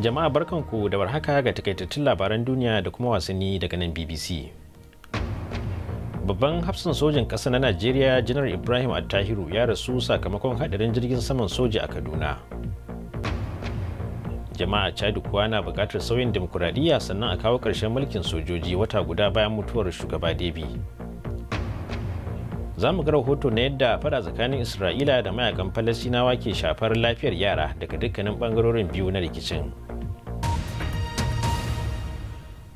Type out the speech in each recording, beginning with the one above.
jama'a barkanku da warhaka ga takaitattun labaran duniya da kuma wasanni daga nan bbc babban hafsan sojan ƙasa na najeriya janar ibrahim attahiru ya rasu sakamakon haɗarin jirgin saman soja a kaduna jama'a chad kuwa na buƙatar sauyin demokuraɗiyya sannan a kawo ƙarshen mulkin sojoji wata guda bayan mutuwar shugaba debi za mu ga rahoto na yadda fada tsakanin isra'ila da mayakan falasinawa ke shafar lafiyar yara daga dukkanin ɓangarorin biyu na rikicin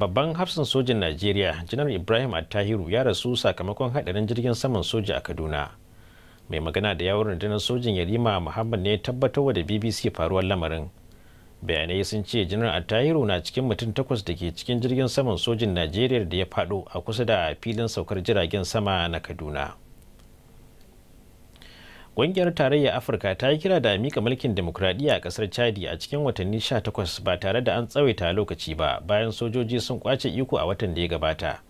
babban hafsan sojin najeriya janar ibrahim attahiru ya rasu sakamakon hadarin jirgin saman soja a kaduna mai magana da yawon rundunar sojin yarima muhammad ne tabbatar da bbc faruwar lamarin bayanai sun ce janar attahiru na cikin mutum takwas da ke cikin jirgin saman sojin najeriya da ya faɗo a kusa da filin saukar jiragen sama na kaduna Ƙungiyar tarayya Afirka ta yi kira da mika mulkin demokuraɗiyya a ƙasar Chadi a cikin watanni 18 ba tare da an tsawaita lokaci ba bayan sojoji sun kwace iko a watan da ya gabata.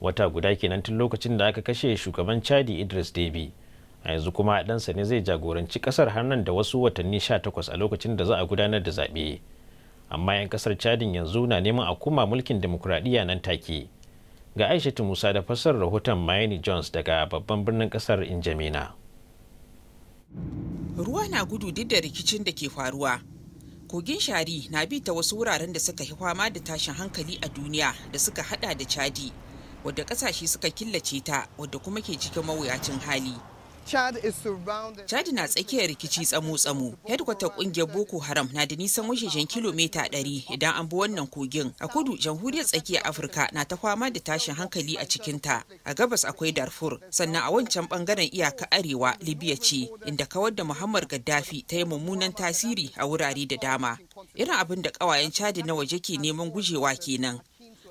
Wata guda kenan tun lokacin da aka kashe shugaban Chadi Idris debi A yanzu kuma ɗansa ne zai jagoranci ƙasar har da wasu watanni 18 a lokacin da za a gudanar da zaɓe. Amma 'yan ƙasar Chadin yanzu na neman a kuma mulkin demokuraɗiyya nan take. Ga aisha Musa da fassar rahoton Mayeni Jones daga babban birnin ƙasar injamina ruwa na gudu duk da rikicin da ke faruwa kogin shari na bi ta wasu wuraren da suka fi fama da tashin hankali a duniya da suka hada da chadi wadda kasashe suka killace ta wadda kuma ke cikin mawuyacin hali Chad na tsakiyar rikici tsamo-tsamo. headquarter kungiyar Boko Haram na da nisan wajejen kilomita 100 idan an bi wannan kogin. A kudu jamhuriyar tsakiyar Afirka na ta fama da tashin hankali a cikinta. A gabas akwai Darfur, sannan a wancan bangaren iyaka arewa Libya ce, inda kawar da Muhammad Gaddafi ta yi mummunan tasiri a wurare da dama. Irin abin da kawayen Chad na waje ke neman gujewa kenan.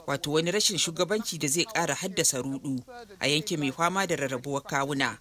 Wato wani rashin shugabanci da zai ƙara haddasa rudu a yankin mai fama da rarrabuwar kawuna.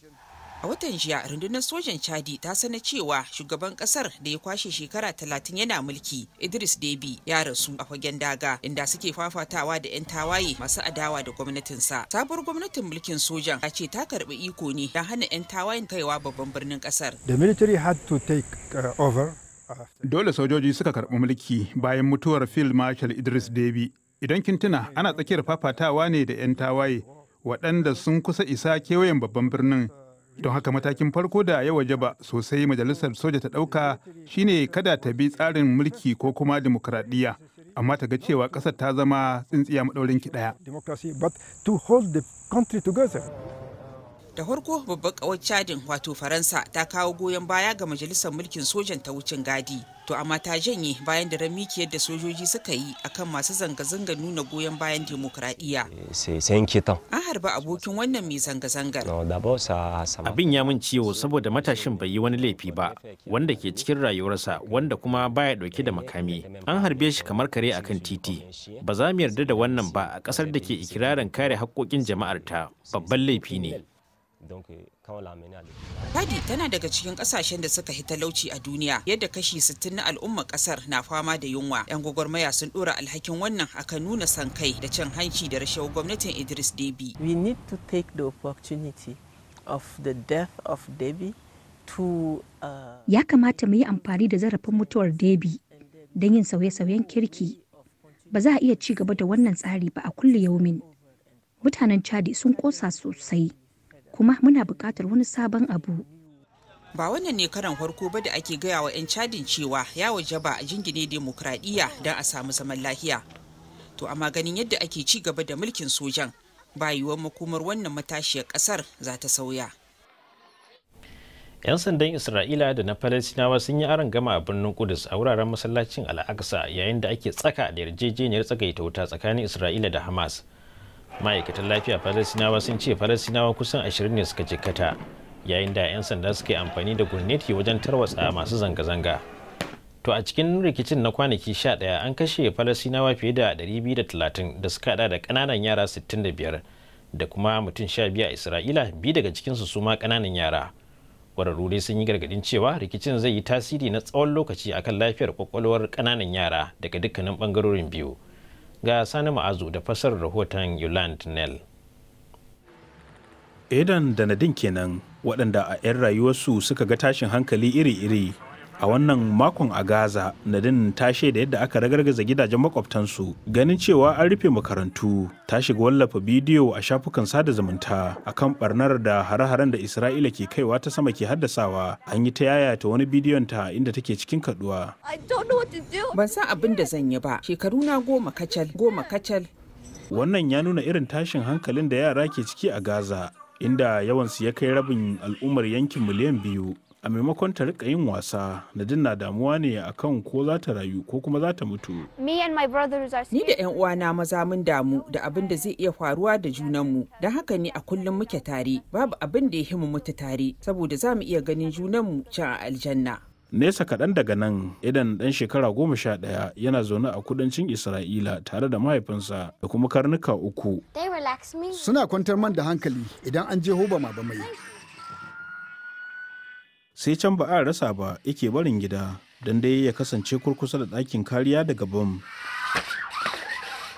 a watan jiya rundunar sojan chadi ta sana cewa shugaban kasar da ya kwashe shekara talatin yana mulki idris debi ya rasu a fagen daga inda suke fafatawa da 'yan tawaye masu adawa da gwamnatinsa sabuwar gwamnatin mulkin sojan ya ce ta karbi iko ne don hana 'yan tawayen kaiwa babban birnin kasar the military had to take uh, over uh, Dole sojoji suka karbi mulki bayan mutuwar Field Marshal Idris Deby. Idan kin tuna ana tsakiyar fafatawa ne da 'yan tawaye waɗanda sun kusa isa kewayen babban birnin don haka matakin farko da ya waje ba sosai majalisar soja ta ɗauka shine kada ta bi tsarin mulki ko kuma demokradiyya amma ta ga cewa ƙasar ta zama tsintsiya maɗaurin ki ɗaya. da farko babbar ƙawar cadin wato faransa ta kawo goyon baya ga majalisar mulkin sojan ta wucin gadi to amma ta janye bayan da rami ki yadda sojoji suka yi akan masu zanga-zanga nuna goyon bayan demokradiyya eh, harba abokin wannan mai zanga-zangar. Abin ya mun ciwo saboda matashin bai yi wani laifi ba, wanda ke cikin rayuwarsa wanda kuma baya dauke da makami. An harbe shi kamar kare akan titi. Ba za mu yarda da wannan ba a ƙasar da ke ikirarin kare haƙƙoƙin jama'arta babban laifi ne. don Chadi tana daga cikin kasashen da suka hi talauci a duniya yadda kashi 60 na al'ummar kasar na fama da yunwa. 'Yan gwagwarmaya sun dora alhakin wannan akan nuna san kai da cin hanci da rashawa gwamnatin Idris Deby. We need to take the opportunity of the death of Deby to uh, Ya kamata mu yi amfani da zarafin mutuwar Deby don yin sauye-sauyen kirki. Ba za a iya ci gaba da wannan tsari ba a kulle yaumin. Mutanen Chadi sun kosa sosai. kuma muna buƙatar wani sabon abu ba wannan ne karan farko ba da ake gaya wa 'yan cadin cewa ya waje ba a jingine demokuraɗiyya don a samu zaman lafiya to amma ganin yadda ake ci gaba da mulkin sojan ba makomar wannan matashiyar ƙasar za ta sauya 'yan sandan isra'ila da na falastinawa sun yi aron gama a birnin kudus a wuraren masallacin Al-Aqsa yayin da ake tsaka da yarjejeniyar tsagaita wuta tsakanin isra'ila da hamas ma'aikatan lafiya falasinawa sun ce falasinawa kusan 20 ne suka jikkata yayin da 'yan sanda suka yi amfani da gurneti wajen tarwatsa masu zanga-zanga to a cikin rikicin na kwanaki 11 an kashe falasinawa fiye da 230 da suka hada da kananan yara 65 da kuma mutum 15 a isra'ila biyu daga cikinsu su ma kananan yara kwararru sun yi gargadin cewa rikicin zai yi tasiri na tsawon lokaci akan lafiyar kwakwalwar ƙananan yara daga dukkanin bangarorin biyu ga sani ma'azu da fasar rahoton yuland nel edan da nadin kenan waɗanda a 'yan rayuwarsu suka ga tashin hankali iri-iri a wannan makon a gaza nadin ta shaida yadda aka ragargaza gidajen makwabtansu ganin cewa an rufe makarantu ta shiga wallafa bidiyo a shafukan sada zumunta akan barnar da hare-haren da isra'ila ke kaiwa ta sama ke haddasawa an yi ta yaya ta wani bidiyon ta inda take cikin kaduwa ban san abin da zan yi ba shekaru na goma kacal goma kacal wannan ya nuna irin tashin hankalin da yara ke ciki a gaza inda yawansu ya kai rabin al'ummar yankin miliyan biyu a maimakon ta rika yin wasa nadine na damuwa ne akan ko za ta rayu ko kuma za ta mutu ni da yan uwana maza mun damu da abin da zai iya faruwa da junanmu don haka ne a kullum muke tare babu abin da ya himu mutu tare saboda za mu iya ganin junanmu can a aljanna nesa kaɗan daga nan idan ɗan shekara goma sha ɗaya yana zaune a kudancin isra'ila tare da mahaifinsa da kuma karnuka uku suna kwantar man da hankali idan an je hoba ma ba mai sai can ba a rasa ba yake barin gida don dai ya kasance kurkusa da ɗakin kariya daga bom.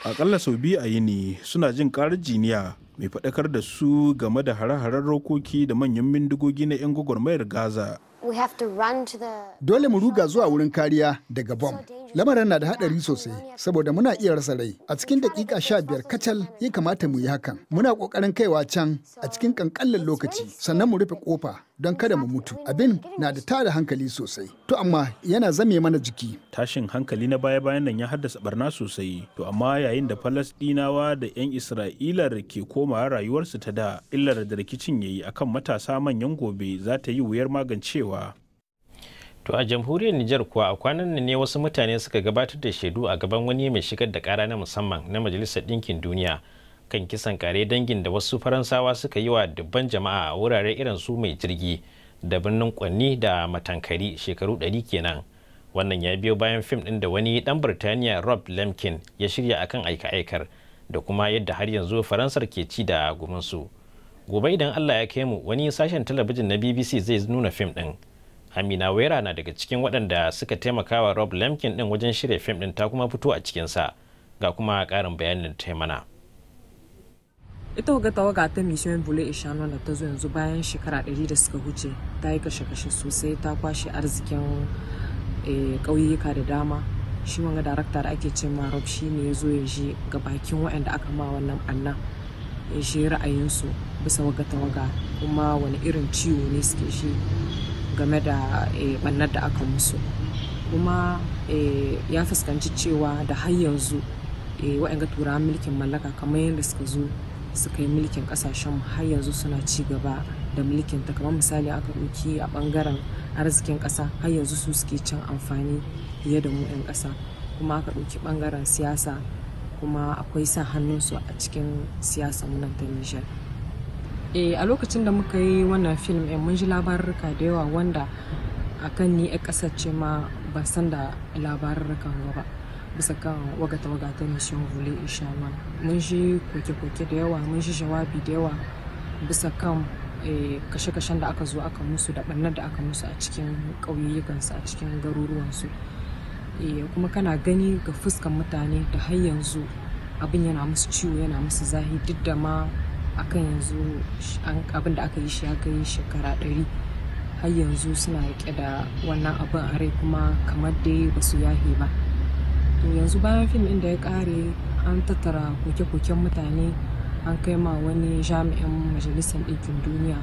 aƙalla sau biyu a yini suna jin ƙarar jiniya mai faɗakar da su game da hare-haren rokoki da manyan bindigogi na 'yan gwagwarmayar gaza dole mu ruga zuwa wurin kariya daga bom lamarin na da haɗari sosai saboda muna iya rasa rai a cikin daƙiƙa sha biyar kacal ya kamata mu yi hakan muna ƙoƙarin kaiwa can a cikin ƙanƙallan lokaci sannan mu rufe kofa don kada mu mutu abin na da tada hankali sosai to amma yana zame mana jiki tashin hankali na baya bayan nan ya haddasa barna sosai to amma yayin da falasɗinawa da 'yan isra'ila ke koma rayuwarsu ta da illar da rikicin ya yi, akan matasa manyan gobe za ta yi wuyar magancewa To a jamhuriyar Nijar kuwa a kwanan nan ne wasu mutane suka gabatar da shaidu a gaban wani mai shigar da kara na musamman na Majalisar Ɗinkin Duniya kan kisan kare dangin da wasu Faransawa suka yi wa dubban jama'a a wurare irin su mai jirgi da birnin Kwanni da Matankari shekaru ɗari kenan. Wannan ya biyo bayan fim ɗin da wani ɗan Birtaniya Rob Lemkin ya shirya akan aika-aikar da kuma yadda har yanzu Faransar ke ci da gumansu. Gobe idan Allah ya kai mu wani sashen talabijin na BBC zai nuna fim ɗin. amina wera na daga cikin waɗanda suka taimaka wa rob lamkin ɗin wajen shirya fim ɗin ta kuma fito a cikinsa ga kuma ƙarin bayanin ta mana ita ga tawaga ta mission bule ishano da ta zo yanzu bayan shekara ɗari da suka huce ta yi kashe-kashe sosai ta kwashe arzikin eh, ƙauyuka da dama shi wanga darakta da ake ce ma rob shi ne ya zo ya ji ga bakin waɗanda aka ma wannan annan ya shi ra'ayinsu bisa waga tawaga kuma wani irin ciwo ne suke shi game da bannar eh, da aka musu kuma eh, ya fuskanci cewa da har yanzu eh, waɗanda turawan mulkin mallaka kamar yadda suka zo suka yi mulkin ƙasashen har yanzu suna ci gaba da mulkin ta kamar misali aka ɗauki a ɓangaren arzikin ƙasa har yanzu su suke cin amfani fiye da mu 'yan ƙasa kuma aka ɗauki ɓangaren siyasa kuma akwai sa hannunsu a cikin siyasa nan ta nijar eh a lokacin da muka yi wannan film eh mun ji labarurruka da yawa wanda akan ni a ƙasar ce ma ba san da labarurrukan ba bisa kan wagata wagata mission vule ishaman mun ji koke-koke da yawa mun ji jawabi da yawa bisa kan eh, kashe-kashen da aka zo aka musu da ɓannar da aka musu a cikin ƙauyayyukansu a cikin garuruwansu eh, kuma kana gani ga fuskan mutane da har yanzu abin yana musu ciwo yana musu zahi duk da ma akan yanzu abin da aka yi shi ya yi shekara ɗari har yanzu suna riƙe da wannan abin a rai kuma kamar dai ba su yahe ba to yanzu bayan fim inda ya ƙare an tattara koke-koken mutane an kai ma wani jami'in majalisar ɗinkin duniya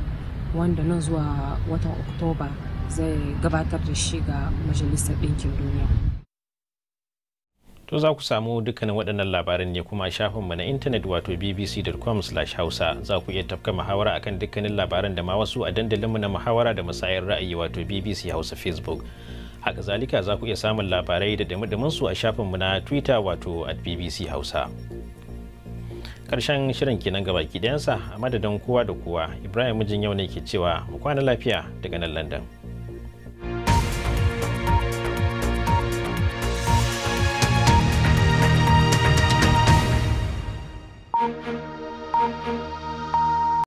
wanda nan zuwa watan oktoba zai gabatar da shi ga majalisar ɗinkin duniya To za ku samu dukkanin waɗannan labaran ne kuma shafinmu na intanet wato bbc.com hausa za ku iya tafka muhawara akan dukkanin labaran da ma wasu a dandalinmu na muhawara da musayar ra'ayi wato bbc hausa facebook. Haka zalika za ku iya samun labarai da dumi su a mu na twitter wato at bbc hausa. Karshen shirin kenan gaba ki a madadin kowa da kowa Ibrahim mijin yau ne ke cewa mu kwana lafiya daga nan London.